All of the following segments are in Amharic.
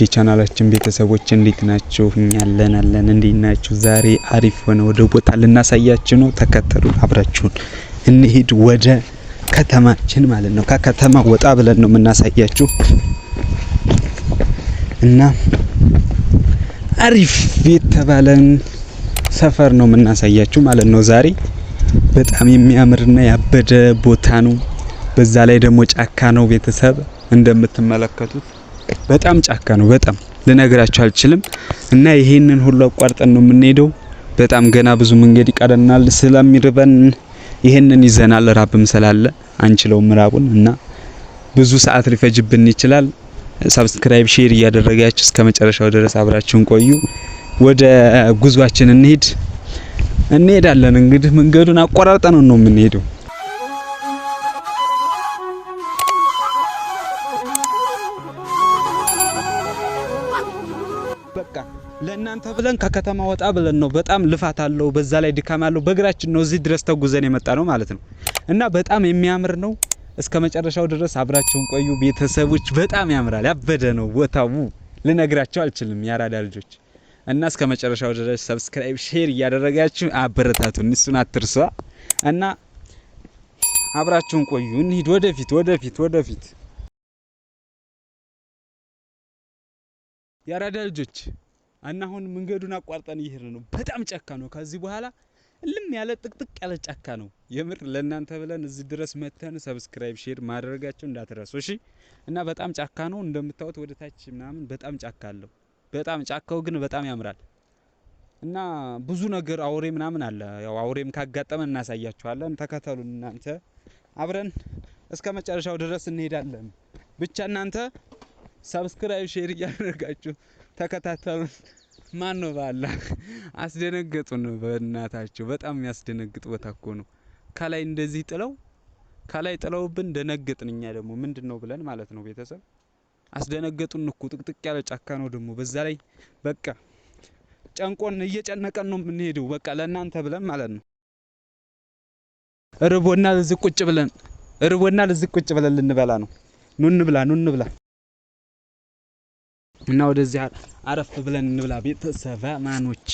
ውድ ቻናላችን ቤተሰቦች እንዴት ናችሁ? እኛ አለን አለን። እንዴት ናችሁ? ዛሬ አሪፍ ሆነ ወደ ቦታ ልናሳያችሁ ነው። ተከተሉን፣ አብራችሁን እንሂድ ወደ ከተማችን ማለት ነው። ከከተማ ወጣ ብለን ነው የምናሳያችሁ እና አሪፍ የተባለን ሰፈር ነው የምናሳያችሁ ማለት ነው። ዛሬ በጣም የሚያምርና ያበደ ቦታ ነው። በዛ ላይ ደግሞ ጫካ ነው ቤተሰብ እንደምትመለከቱት በጣም ጫካ ነው። በጣም ልነግራችሁ አልችልም። እና ይሄንን ሁሉ አቋርጠን ነው የምንሄደው። በጣም ገና ብዙ መንገድ ይቀረናል። ስለሚርበን ይሄንን ይዘናል። ራብም ስላለ አንችለውም ራቡን እና ብዙ ሰዓት ሊፈጅብን ይችላል። ሰብስክራይብ፣ ሼር እያደረጋችሁ እስከ መጨረሻው ድረስ አብራችሁን ቆዩ። ወደ ጉዟችን እንሄድ እንሄዳለን። እንግዲህ መንገዱን አቋራርጠን ነው የምንሄደው። ለእናንተ ብለን ከከተማ ወጣ ብለን ነው። በጣም ልፋት አለው፣ በዛ ላይ ድካም አለው። በእግራችን ነው እዚህ ድረስ ተጉዘን የመጣ ነው ማለት ነው። እና በጣም የሚያምር ነው። እስከ መጨረሻው ድረስ አብራችሁን ቆዩ ቤተሰቦች። በጣም ያምራል፣ ያበደ ነው ቦታው። ልነግራቸው አልችልም የአራዳ ልጆች እና እስከ መጨረሻው ድረስ ሰብስክራይብ፣ ሼር እያደረጋችሁ አበረታቱ። እሱን አትርሷ። እና አብራችሁን ቆዩ፣ እንሂድ ወደፊት፣ ወደፊት፣ ወደፊት የአራዳ ልጆች እና አሁን መንገዱን አቋርጠን እየሄድን ነው። በጣም ጫካ ነው። ከዚህ በኋላ እልም ያለ ጥቅጥቅ ያለ ጫካ ነው። የምር ለእናንተ ብለን እዚህ ድረስ መተን ሰብስክራይብ፣ ሼር ማድረጋቸው እንዳትረሱ እሺ። እና በጣም ጫካ ነው እንደምታዩት፣ ወደ ታች ምናምን በጣም ጫካ አለው። በጣም ጫካው ግን በጣም ያምራል። እና ብዙ ነገር አውሬ ምናምን አለ። ያው አውሬም ካጋጠመን እናሳያችኋለን። ተከተሉን እናንተ አብረን እስከ መጨረሻው ድረስ እንሄዳለን። ብቻ እናንተ ሰብስክራይብ ሼር እያደረጋችሁ ተከታተሉን። ማን ነው ባላ አስደነገጡን። በእናታቸው በጣም የሚያስደነግጥ ቦታ እኮ ነው። ከላይ እንደዚህ ጥለው ከላይ ጥለውብን ደነገጥን። እኛ ደግሞ ምንድን ነው ብለን ማለት ነው ቤተሰብ አስደነገጡን እኮ። ጥቅጥቅ ያለ ጫካ ነው ደግሞ በዛ ላይ በቃ ጨንቆን እየጨነቀን ነው የምንሄደው። በቃ ለእናንተ ብለን ማለት ነው። እርቦና ልዝቅ ቁጭ ብለን እርቦና ለዚህ ቁጭ ብለን ልንበላ ነው። ኑ እንብላ፣ ኑ እንብላ። እና ወደዚህ አረፍ ብለን እንብላ ማኖች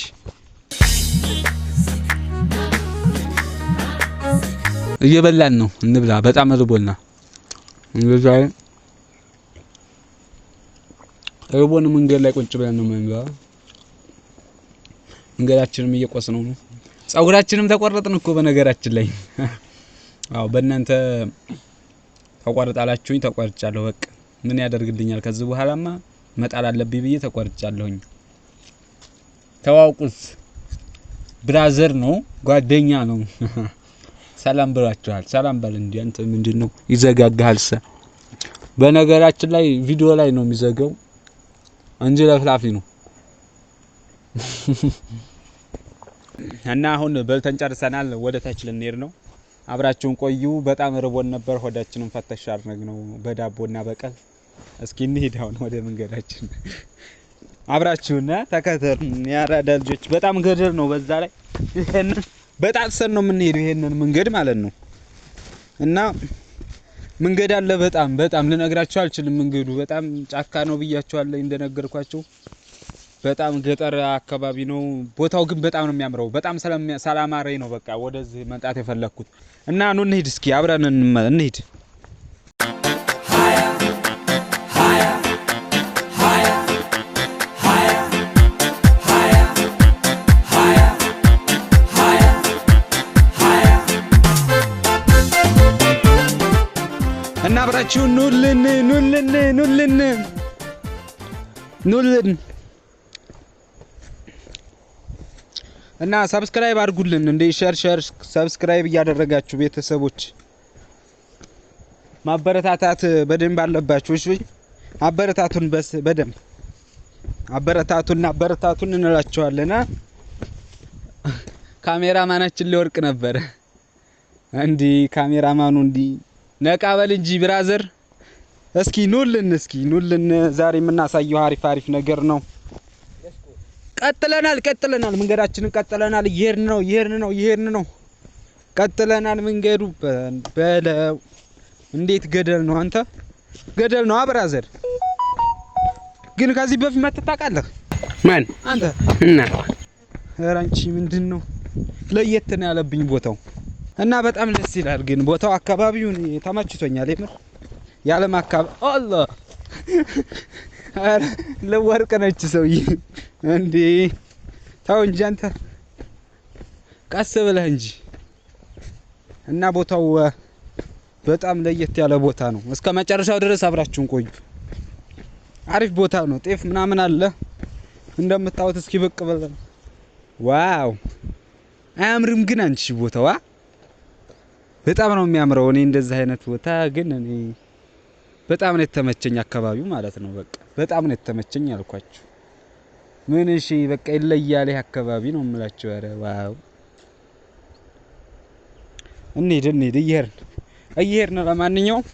እየበላን ነው፣ እንብላ። በጣም ርቦና እንደዛ ርቦን መንገድ ላይ ቁጭ ብለን ነው የምንበላ። መንገዳችንም እየቆስ ነው ነው ጸጉራችንም ተቆረጥን እኮ በነገራችን ላይ አዎ፣ በእናንተ ተቆርጣላችሁኝ፣ ተቆርጫለሁ። በቃ ምን ያደርግልኛል ከዚህ በኋላማ መጣል አለብኝ ብዬ ተቆርጫለሁኝ። ተዋውቁት፣ ብራዘር ነው ጓደኛ ነው። ሰላም ብሏችኋል። ሰላም በል እንዲ። አንተ ምንድን ነው ይዘጋግሃል? ሰ በነገራችን ላይ ቪዲዮ ላይ ነው የሚዘገው እንጂ ለፍላፊ ነው። እና አሁን በልተን ጨርሰናል። ወደ ታች ልንሄድ ነው። አብራችሁን ቆዩ። በጣም ርቦን ነበር። ሆዳችንን ፈተሽ አድርግ ነው በዳቦና በቀል እስኪ እንሄድ አሁን ወደ መንገዳችን። አብራችሁና ተከተሉ። የአራዳ ልጆች በጣም ገደር ነው። በዛ ላይ ይሄንን በጣጥሰን ነው የምንሄደው ይሄንን መንገድ ማለት ነው። እና መንገድ አለ በጣም በጣም ልነግራችሁ አልችልም። መንገዱ በጣም ጫካ ነው ብያችኋለሁ፣ እንደነገርኳችሁ በጣም ገጠር አካባቢ ነው። ቦታው ግን በጣም ነው የሚያምረው። በጣም ሰላማ ነው። በቃ ወደዚህ መምጣት የፈለግኩት እና ኑ እንሂድ እስኪ አብረን እንሂድ። አብራችሁ ኑልን ኑልን ኑልን ኑልን እና ሰብስክራይብ አድርጉልን። እንደ ሸር ሸር ሰብስክራይብ እያደረጋችሁ ቤተሰቦች ማበረታታት በደንብ አለባችሁ። እሺ አበረታቱን፣ በስ በደንብ አበረታቱን፣ አበረታቱን እንላችኋለና ካሜራማናችን ሊወርቅ ነበረ እንዲህ ካሜራማኑ እንዲህ ነቃበል እንጂ ብራዘር። እስኪ ኑልን፣ እስኪ ኑልን። ዛሬ የምናሳየው አሪፍ አሪፍ ነገር ነው። ቀጥለናል፣ ቀጥለናል፣ መንገዳችንን ቀጥለናል። እየሄድን ነው፣ እየሄድን ነው፣ እየሄድን ነው። ቀጥለናል። መንገዱ በለው እንዴት ገደል ነው አንተ፣ ገደል ነው አብራዘር ግን ከዚህ በፊት መተህ ማን አንተ? እና ኧረ አንቺ ምንድን ነው ለየት ነው ያለብኝ ቦታው እና በጣም ደስ ይላል። ግን ቦታው አካባቢውን ተመችቶኛል። የምር የዓለም አካባቢ አላህ ለወርቅ ነች ሰውዬ እንዴ! ተው እንጂ አንተ ቀስ ብለህ እንጂ። እና ቦታው በጣም ለየት ያለ ቦታ ነው። እስከ መጨረሻው ድረስ አብራችሁን ቆዩ። አሪፍ ቦታ ነው። ጤፍ ምናምን አለ እንደምታዩት። እስኪ ብቅ ብለን ዋው! አያምርም ግን አንቺ ቦታዋ በጣም ነው የሚያምረው። እኔ እንደዚህ አይነት ቦታ ግን እኔ በጣም ነው የተመቸኝ አካባቢው ማለት ነው። በቃ በጣም ነው የተመቸኝ አልኳችሁ። ምን እሺ፣ በቃ ይለያል ይህ አካባቢ ነው የምላችሁ። አረ ዋው! እንሂድ እንሂድ፣ እየሄድን እየሄድን ለማንኛውም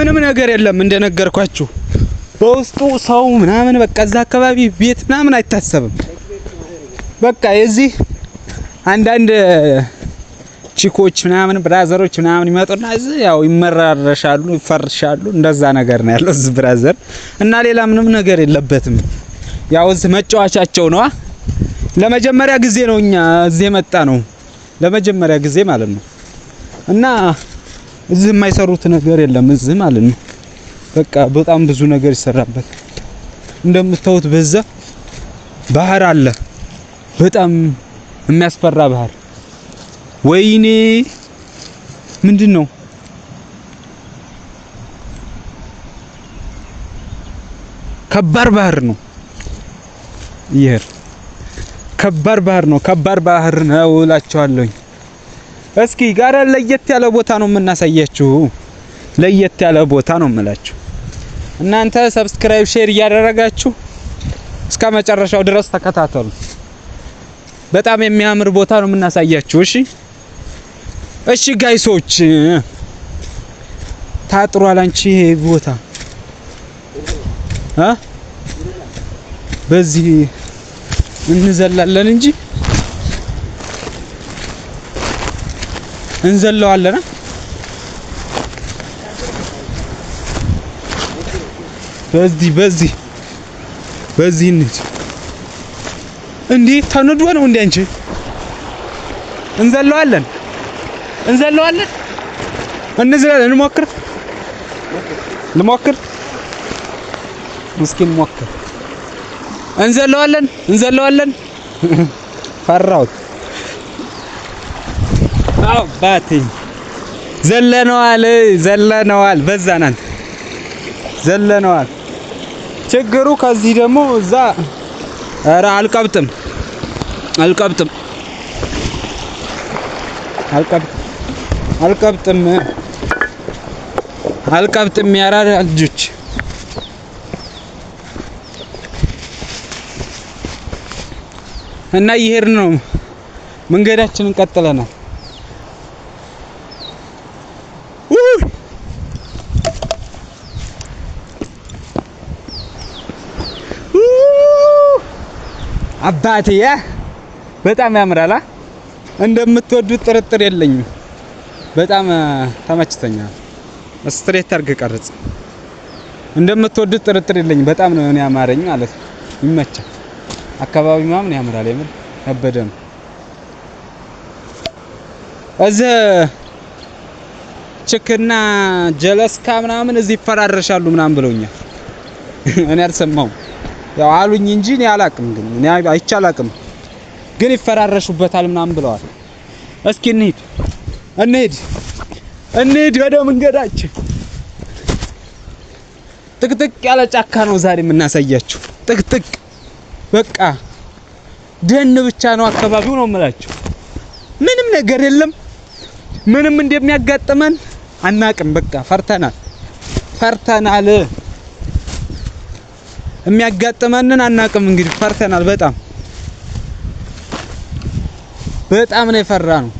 ምንም ነገር የለም እንደነገርኳችሁ በውስጡ ሰው ምናምን በቃ እዛ አካባቢ ቤት ምናምን አይታሰብም። በቃ የዚህ አንዳንድ ቺኮች ምናምን ብራዘሮች ምናምን ይመጡና እዚህ ያው ይመራረሻሉ፣ ይፈርሻሉ። እንደዛ ነገር ነው ያለው እዚህ ብራዘር እና ሌላ ምንም ነገር የለበትም። ያው እዚህ መጫወቻቸው ነዋ። ለመጀመሪያ ጊዜ ነው እኛ እዚህ የመጣ ነው፣ ለመጀመሪያ ጊዜ ማለት ነው እና እዚህ የማይሰሩት ነገር የለም። እዚህ ማለት ነው በቃ በጣም ብዙ ነገር ይሰራበት። እንደምታዩት በዛ ባህር አለ፣ በጣም የሚያስፈራ ባህር። ወይኔ ምንድን ነው ከባድ ባህር ነው። ይሄ ከባድ ባህር ነው። ከባድ ባህር ነው እላቸዋለሁኝ። እስኪ ጋራ ለየት ያለ ቦታ ነው የምናሳያችሁ። ለየት ያለ ቦታ ነው የምላችሁ። እናንተ ሰብስክራይብ፣ ሼር እያደረጋችሁ እስከ መጨረሻው ድረስ ተከታተሉ። በጣም የሚያምር ቦታ ነው የምናሳያችሁ። እሺ፣ እሺ ጋይሶች ታጥሯል። አንቺ ይሄ ቦታ በዚህ እንዘላለን እንጂ እንዘለዋለን። በዚህ በዚህ በዚህ እንሂድ። እንዴት ተንዶ ነው እንዴ? አንቺ እንዘለዋለን፣ እንዘለዋለን። እንዝለን፣ እንሞክር፣ ልሞክር፣ እስኪ እንሞክር። እንዘለዋለን፣ እንዘለዋለን። ፈራሁት። አባቴ ዘለነዋል፣ ዘለነዋል። በዛ ናት ዘለነዋል። ችግሩ ከዚህ ደግሞ እዛ ኧረ አልቀብጥም፣ አልቀብጥም፣ አልቀብጥም፣ አልቀብጥም። ያራዳ ልጆች እና ይሄር ነው መንገዳችንን ቀጥለናል። አባትዬ በጣም ያምራል። እንደምትወዱት ጥርጥር የለኝም። በጣም ተመችተኛ ስትሬት አርግ ቀርጽ። እንደምትወዱት ጥርጥር የለኝም። በጣም ነው እኔ ያማረኝ ማለት ነው። ይመቻል። አካባቢ ምናምን ያምራል። የምር ከበደ ነው። እዚህ ችክና ጀለስካ ምናምን እዚህ ይፈራረሻሉ ምናምን ብለውኛል። እኔ አልሰማውም ያው አሉኝ እንጂ እኔ አላቅም፣ ግን እኔ አይቼ አላቅም። ግን ይፈራረሹበታል ምናምን ብለዋል። እስኪ እንሂድ እንሂድ እንሂድ ወደ መንገዳችን። ጥቅጥቅ ያለ ጫካ ነው ዛሬ የምናሳያችሁ። ጥቅጥቅ በቃ ደን ብቻ ነው አካባቢው ነው የምላችሁ። ምንም ነገር የለም። ምንም እንደሚያጋጥመን አናቅም። በቃ ፈርተናል፣ ፈርተናል። የሚያጋጥመንን አናቅም። እንግዲህ ፈርተናል። በጣም በጣም ነው የፈራ ነው።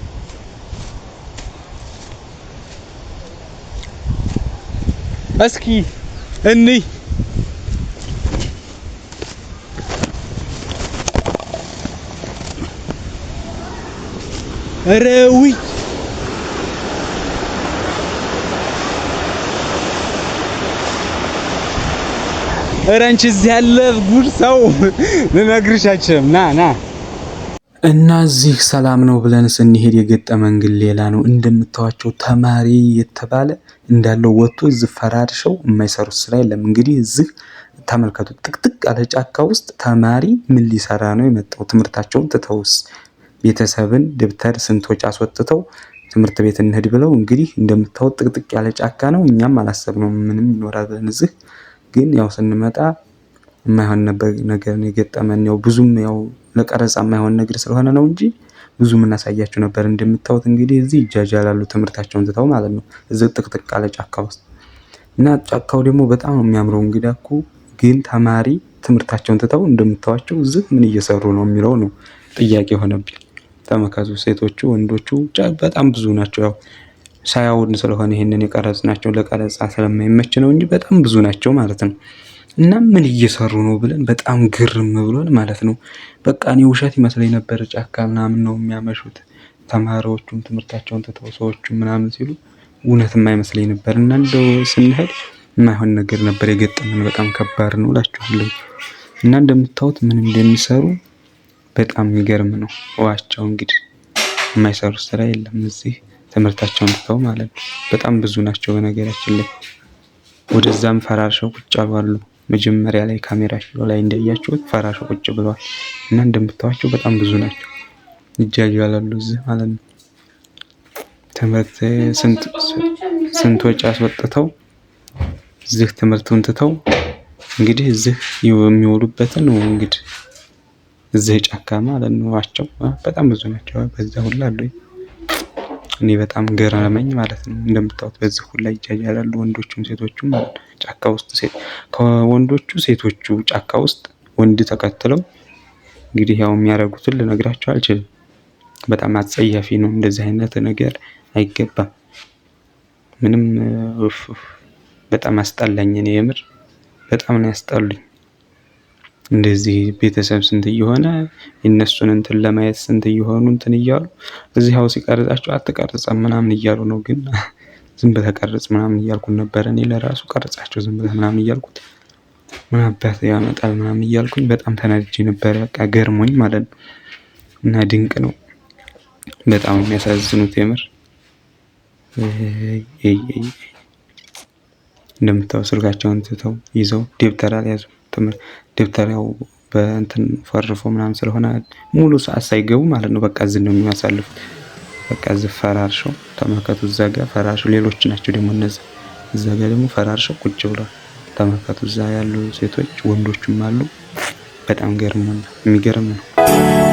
እስኪ እንይ ረዊ ኧረ አንቺ እዚህ ያለ ጉድ ሰው ልነግርሽ ና ና እና እዚህ ሰላም ነው ብለን ስንሄድ የገጠመን ግን ሌላ ነው። እንደምታዋቸው ተማሪ የተባለ እንዳለው ወጥቶ እዚህ ፈራርሸው የማይሰሩት ስራ የለም። እንግዲህ እዚህ ተመልከቱ፣ ጥቅጥቅ ያለ ጫካ ውስጥ ተማሪ ምን ሊሰራ ነው የመጣው? ትምህርታቸውን ትተውስ ቤተሰብን ደብተር ስንቶች አስወጥተው ትምህርት ቤት እንሂድ ብለው እንግዲህ እንደምታወት ጥቅጥቅ ያለ ጫካ ነው። እኛም አላሰብነው ምንም ይኖራል ብለን እዚህ ግን ያው ስንመጣ የማይሆን ነገር የገጠመን ያው ብዙም ያው ለቀረጻ የማይሆን ነገር ስለሆነ ነው እንጂ ብዙ የምናሳያቸው ነበር። እንደምታዩት እንግዲህ እዚህ ላሉ ትምህርታቸውን ትተው ማለት ነው። እዚህ ጥቅጥቅ ያለ ጫካ ውስጥ እና ጫካው ደግሞ በጣም የሚያምረው እንግዲህ እኮ ግን ተማሪ ትምህርታቸውን ትተው እንደምታዋቸው እዚህ ምን እየሰሩ ነው የሚለው ነው ጥያቄ የሆነብኝ። ተመከዙ፣ ሴቶቹ፣ ወንዶቹ በጣም ብዙ ናቸው ያው ሳያውድ ስለሆነ ይህንን ናቸው ለቀረጻ ስለማይመች ነው እንጂ በጣም ብዙ ናቸው ማለት ነው። እና ምን እየሰሩ ነው ብለን በጣም ግርም ብሎን ማለት ነው። በቃ እኔ ውሸት ይመስለኝ ነበር፣ ጫካ ምናምን ነው የሚያመሹት ተማሪዎቹም ትምህርታቸውን ትተው ሰዎቹ ምናምን ሲሉ እውነት የማይመስለኝ ነበር። እና እንደው ስንሄድ የማይሆን ነገር ነበር የገጠመን። በጣም ከባድ ነው እላችኋለሁ። እና እንደምታዩት ምን እንደሚሰሩ በጣም የሚገርም ነው ዋቸው። እንግዲህ የማይሰሩ ስራ የለም እዚህ ትምህርታቸውን ትተው ማለት ነው። በጣም ብዙ ናቸው በነገራችን ላይ ወደዛም ፈራርሸው ቁጭ አሉ። መጀመሪያ ላይ ካሜራቸው ላይ እንደያችሁት ፈራርሸው ቁጭ ብለዋል እና እንደምታዋቸው በጣም ብዙ ናቸው። ያላሉ እዚህ ማለት ነው። ትምህርት ስንት ወጪ አስወጥተው እዚህ ትምህርቱን ትተው እንግዲህ እዚህ የሚውሉበትን እንግዲህ እዚህ ጫካ ማለት ነው። በጣም ብዙ ናቸው። በዛ ሁላ እኔ በጣም ገረመኝ ማለት ነው። እንደምታዩት በዚህ ሁላ ይጃጃላሉ፣ ወንዶቹም ሴቶቹም ጫካ ውስጥ ከወንዶቹ ሴቶቹ ጫካ ውስጥ ወንድ ተከትለው እንግዲህ ያው የሚያደርጉትን ልነግራቸው አልችልም። በጣም አጸያፊ ነው። እንደዚህ አይነት ነገር አይገባም። ምንም በጣም አስጠላኝ። እኔ የምር በጣም ነው ያስጠሉኝ። እንደዚህ ቤተሰብ ስንት እየሆነ የእነሱን እንትን ለማየት ስንት እየሆኑ እንትን እያሉ እዚህ ሀው ሲቀርጻቸው አትቀርጸም ምናምን እያሉ ነው። ግን ዝም ብለህ ቀርጽ ምናምን እያልኩት ነበረ። እኔ ለራሱ ቀርጻቸው ዝም ብለህ ምናምን እያልኩት ምን አባት ያመጣል ምናምን እያልኩኝ በጣም ተናድጄ ነበረ። በቃ ገርሞኝ ማለት ነው። እና ድንቅ ነው። በጣም የሚያሳዝኑት የምር እንደምታው ስልካቸውን ትተው ይዘው ደብተር አልያዙም ትምህርት ደብተሪያው በእንትን ፈርፎ ምናምን ስለሆነ ሙሉ ሰዓት ሳይገቡ ማለት ነው። በቃ እዚህ ነው የሚያሳልፉት። በቃ እዚህ ፈራርሸው ተመከቱ። እዛ ጋ ፈራርሸው ሌሎች ናቸው ደግሞ እነዚህ። እዛ ጋ ደግሞ ፈራርሸው ቁጭ ብሏል። ተመከቱ፣ እዛ ያሉ ሴቶች ወንዶችም አሉ። በጣም ገርሞ የሚገርም ነው።